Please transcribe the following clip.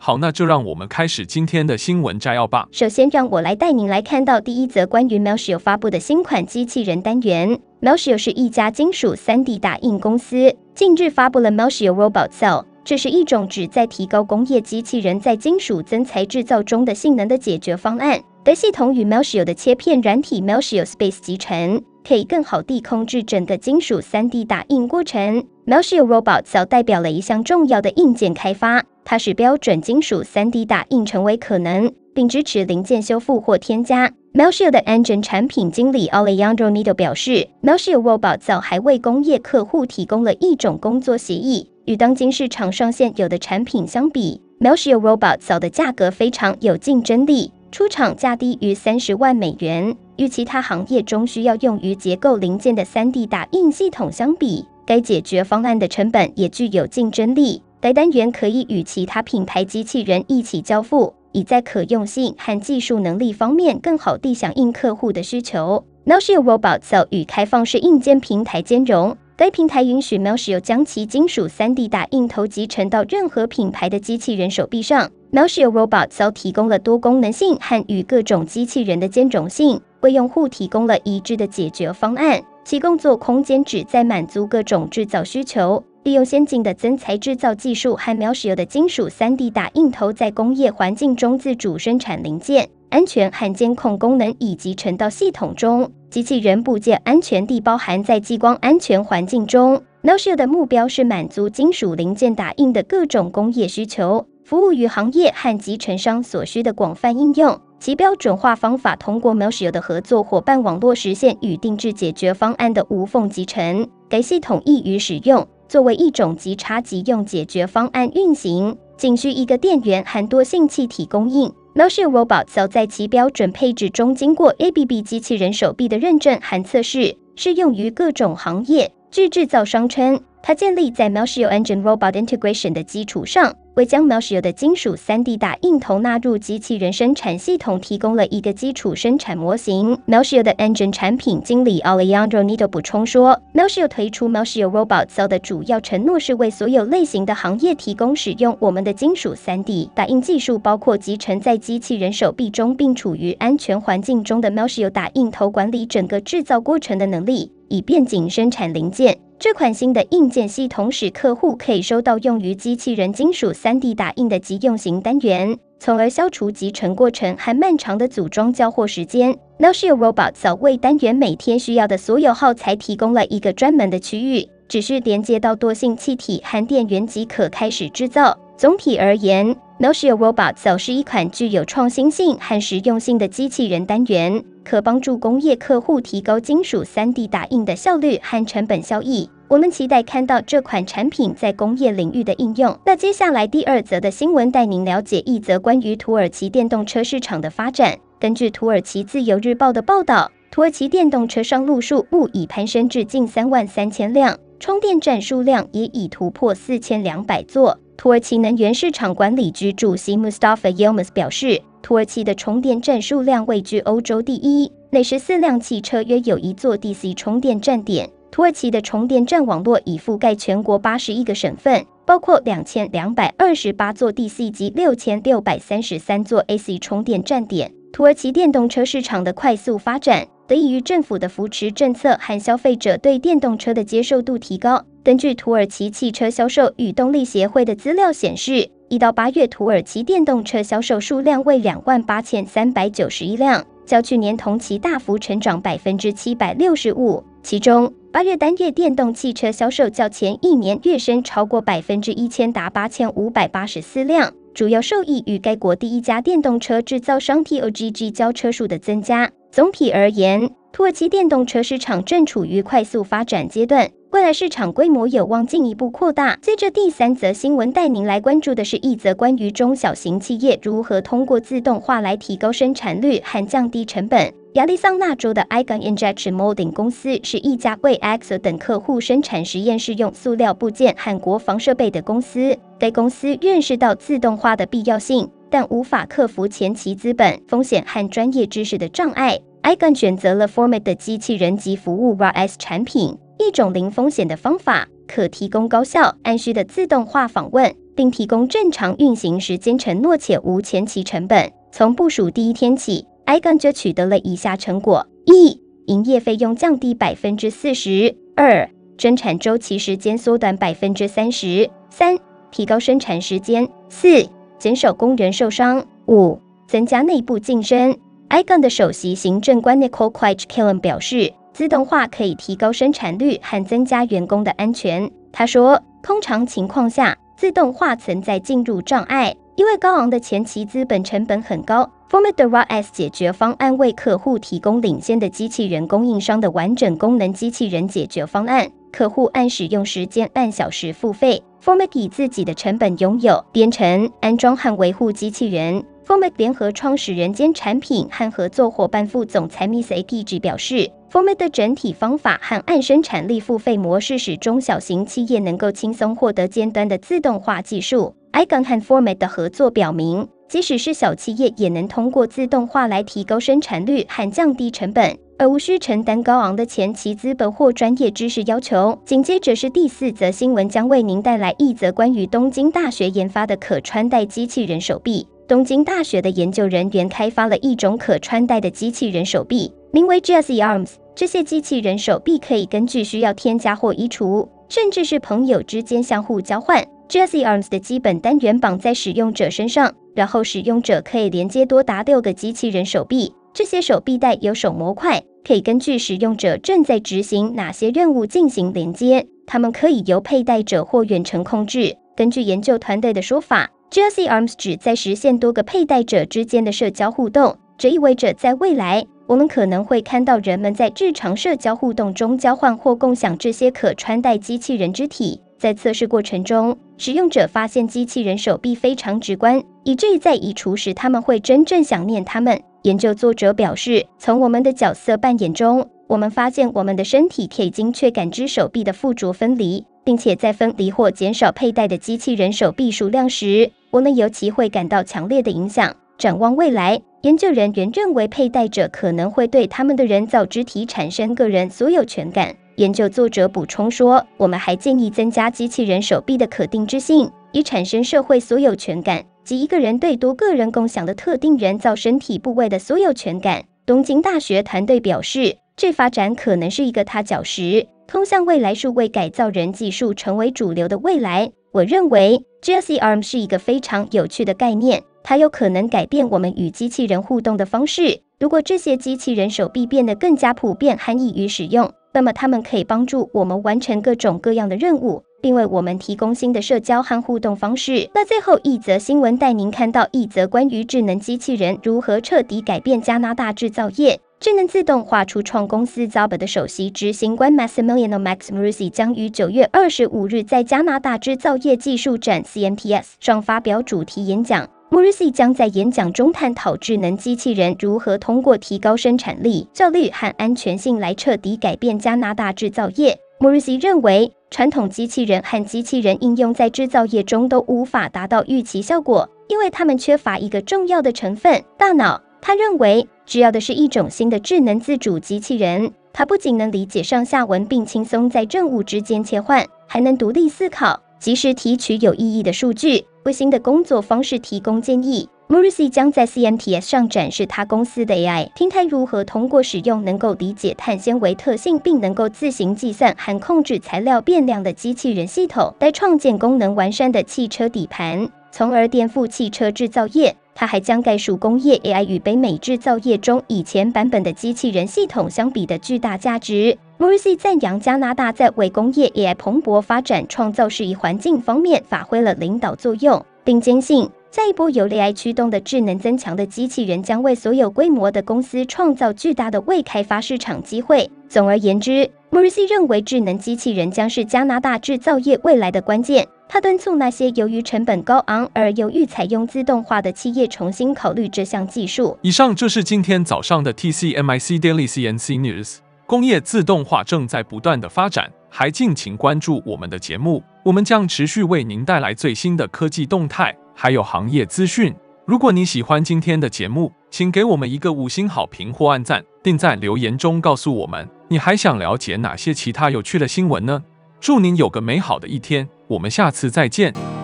好，那就讓我們開始今天的新聞摘要吧。首先，讓我來帶您來看到第一則關於 Meltio 發佈的新款機器人單元。Meltio 是一家金屬 3D 打印公司，近日發佈了 Meltio Robot Cell，這是一種旨在提高工業機器人在金屬增材製造中的性能的解決方案。而系統與 Melchior 的切片軟體 Melchior Space 集成，可以更好地控制整個金屬 3D 打印過程。Melchior Robot 早代表了一項重要的硬件開發，它使標準金屬 3D 打印成為可能，並支持零件修復或添加。Melchior 的 Engine 產品經理 Oley Yandro Needle 表示，Melchior Robot 早還為工業客戶提供了一種工作協議。與當今市場上現有的產品相比，Melchior Robot 早的價格非常有競爭力。出廠價低於三十萬美元，與其他行業中需要用於結構零件的 3D 打印系統相比，該解決方案的成本也具有競爭力。該單元可以與其他品牌機器人一起交付，以在可用性和技術能力方面更好地響應客戶的需求。Meltio Robots 與開放式硬件平台兼容，該平台允許 Meltio 將其金屬 3D 打印頭集成到任何品牌的機器人手臂上。Meltio robots 提供了多功能性和與各種機器人的兼容性，為用戶提供了一致的解決方案。其工作空間旨在滿足各種製造需求，利用先進的增材製造技術和 Meltio 的金屬 3D 打印頭，在工業環境中自主生產零件、安全和監控功能以及成套系統中，機器人部件安全地包含在激光安全環境中。Meltio 的目標是滿足金屬零件打印的各種工業需求。服務於行業和集成商所需的廣泛應用，其標準化方法通過 Meltio 的合作伙伴網絡實現與定制解決方案的無縫集成。該系統易於使用，作為一種即插即用解決方案運行，僅需一個電源和多性氣體供應。Meltio Robots 早在其標準配置中經過 ABB 機器人手臂的認證和測試，適用於各種行業。據制造商稱。它建立在 Meltio Engine Robot Integration 的基礎上，為將 Meltio 的金屬 3D 打印頭納入機器人生產系統提供了一個基礎生產模型。Meltio 的 Engine 產品經理 Alejandro Nido 補充說：“ Meltio 推出 Meltio Robots 的主要承諾是為所有類型的行業提供使用我們的金屬 3D 打印技術，包括集成在機器人手臂中並處於安全環境中的 Meltio 打印頭，管理整個製造過程的能力，以便僅生產零件。”這款新的硬件系統使客戶可以收到用於機器人金屬 3D 打印的即用型單元，從而消除集成過程和漫長的組裝交貨時間。 Noshio Robots 為單元每天需要的所有耗材提供了一個專門的區域，只需連接到惰性氣體和電源即可開始制造。總體而言，Noshio Robots 是一款具有創新性和實用性的機器人單元。可幫助工業客戶提高金屬三 D 打印的效率和成本效益。我們期待看到這款產品在工業領域的應用。那接下來第二則的新聞帶您了解一則關於土耳其電動車市場的發展。根據土耳其自由日報的報道，土耳其電動車上路數目已攀升至近三萬三千輛，充電站數量也已突破四千兩百座。土耳其能源市場管理局主席 Mustafa Yilmaz 表示，土耳其的充電站數量位居歐洲第一，每十四輛汽車約有一座 DC 充電站點。土耳其的充電站網絡已覆蓋全國八十一個省份，包括兩千兩百二十八座 DC 及六千六百三十三座 AC 充電站點。土耳其電動車市場的快速發展得益於政府的扶持政策和消費者對電動車的接受度提高。根據土耳其汽車銷售與動力協會的資料顯示。一到八月，土耳其電動車銷售數量為兩萬八千三百九十一輛，較去年同期大幅成長百分之七百六十五。其中，八月單月電動汽車銷售較前一年躍升超過百分之一千，達八千五百八十四輛，主要受益於該國第一家電動車製造商 TOGG 交車數的增加。總體而言，土耳其電動車市場正處於快速發展階段。未來市場規模有望進一步擴大。接着第三則新聞，帶您來關注的是一則關於中小型企業如何通過自動化來提高生產率和降低成本。亞利桑那州的 Igon Injection Molding 公司是一家為 X 等客戶生產實驗室用塑料部件和國防設備的公司。該公司認識到自動化的必要性，但無法克服前期資本風險和專業知識的障礙。Igon 選擇了 Format 的機器人及服務 RS 產品。一種零風險的方法，可提供高效、按需的自動化訪問，並提供正常運行時間承諾且無前期成本。從部署第一天起，Igon 就取得了以下成果：一、營業費用降低百分之四十。二、生產週期時間縮短百分之三十。三、提高生產時間。四、減少工人受傷。五、增加內部晉升。Igon 的首席行政官 Nicole Quach-Kilman 表示。自動化可以提高生產率和增加員工的安全。他說：“通常情況下，自動化存在進入障礙，因為高昂的前期資本成本很高。” Formed RaaS 解決方案為客戶提供領先的機器人供應商的完整功能機器人解決方案。客戶按使用時間半小時付費。Formed 以自己的成本擁有、編程、安裝和維護機器人。Formed 聯合創始人兼產品和合作夥伴副總裁 Miss A T 表示。Format 的整體方法和按生產力付費模式，使中小型企業能夠輕鬆獲得尖端的自動化技術。Igon 和 Format 的合作表明，即使是小企業也能通過自動化來提高生產率和降低成本，而無需承擔高昂的前期資本或專業知識要求。緊接着是第四則新聞，將為您帶來一則關於東京大學研發的可穿戴機器人手臂。東京大學的研究人員開發了一種可穿戴的機器人手臂。名為 Jizai Arms，這些機器人手臂可以根據需要添加或移除，甚至是朋友之間相互交換。Jizai Arms 的基本單元綁在使用者身上，然後使用者可以連接多達六個機器人手臂。這些手臂帶有手模塊，可以根據使用者正在執行哪些任務進行連接。它們可以由佩戴者或遠程控制。根據研究團隊的說法，Jizai Arms 旨在實現多個佩戴者之間的社交互動。這意味着在未來。我們可能會看到人們在日常社交互動中交換或共享這些可穿戴機器人肢體。在測試過程中，使用者發現機器人手臂非常直觀，以至於在移除時他們會真正想念他們。研究作者表示，從我們的角色扮演中，我們發現我們的身體可以精確感知手臂的附着分離，並且在分離或減少佩戴的機器人手臂數量時，我們尤其會感到強烈的影響。展望未來。研究人員認為，佩戴者可能會對他們的人造肢體產生個人所有權感。研究作者補充說：“我們還建議增加機器人手臂的可定制性，以產生社會所有權感及一個人對多個人共享的特定人造身體部位的所有權感。”東京大學團隊表示，這發展可能是一個踏腳石。通向未來是為改造人技術成為主流的未來。我認為 Jizai Arms 是一個非常有趣的概念，它有可能改變我們與機器人互動的方式。如果這些機器人手臂變得更加普遍和易於使用，那麼它們可以幫助我們完成各種各樣的任務，並為我們提供新的社交和互動方式。那最後一則新聞帶您看到一則關於智能機器人如何徹底改變加拿大製造業。智能自動化初創公司 Zobba 的首席執行官 Maximiliano Max Murisi 將於九月二十五日在加拿大製造業技術展 （CMTS） 上發表主題演講。Murisi 將在演講中探討智能機器人如何通過提高生產力、效率和安全性來徹底改變加拿大製造業。Murisi 認為，傳統機器人和機器人應用在製造業中都無法達到預期效果，因為他們缺乏一個重要的成分——大腦。他認為，需要的是一種新的智能自主機器人，它不僅能理解上下文並輕鬆在任務之間切換，還能獨立思考，及時提取有意義的數據，為新的工作方式提供建議。Muricy 將在 CMTS 上展示他公司的 AI 平台如何通過使用能夠理解碳纖維特性並能夠自行計算和控制材料變量的機器人系統，來創建功能完善的汽車底盤，從而顛覆汽車制造業。他還將概述工業 AI 與北美制造業中以前版本的機器人系統相比的巨大價值。Murphy 贊揚加拿大在為工業 AI 蓬勃發展創造適宜環境方面發揮了領導作用，並堅信，下一波由 AI 驅動的智能增強的機器人將為所有規模的公司創造巨大的未開發市場機會。總而言之。穆瑞西認為，智能機器人將是加拿大製造業未來的關鍵。他敦促那些由於成本高昂而猶豫採用自動化的企業重新考慮這項技術。以上就是今天早上的 TCMIC Daily CNC News。工業自動化正在不斷的發展，還敬請關注我們的節目。我們將持續為您帶來最新的科技動態，還有行業資訊。如果你喜歡今天的節目，請給我們一個五星好評或按讚，並在留言中告訴我們，你還想了解哪些其他有趣的新聞呢？祝您有個美好的一天，我們下次再見。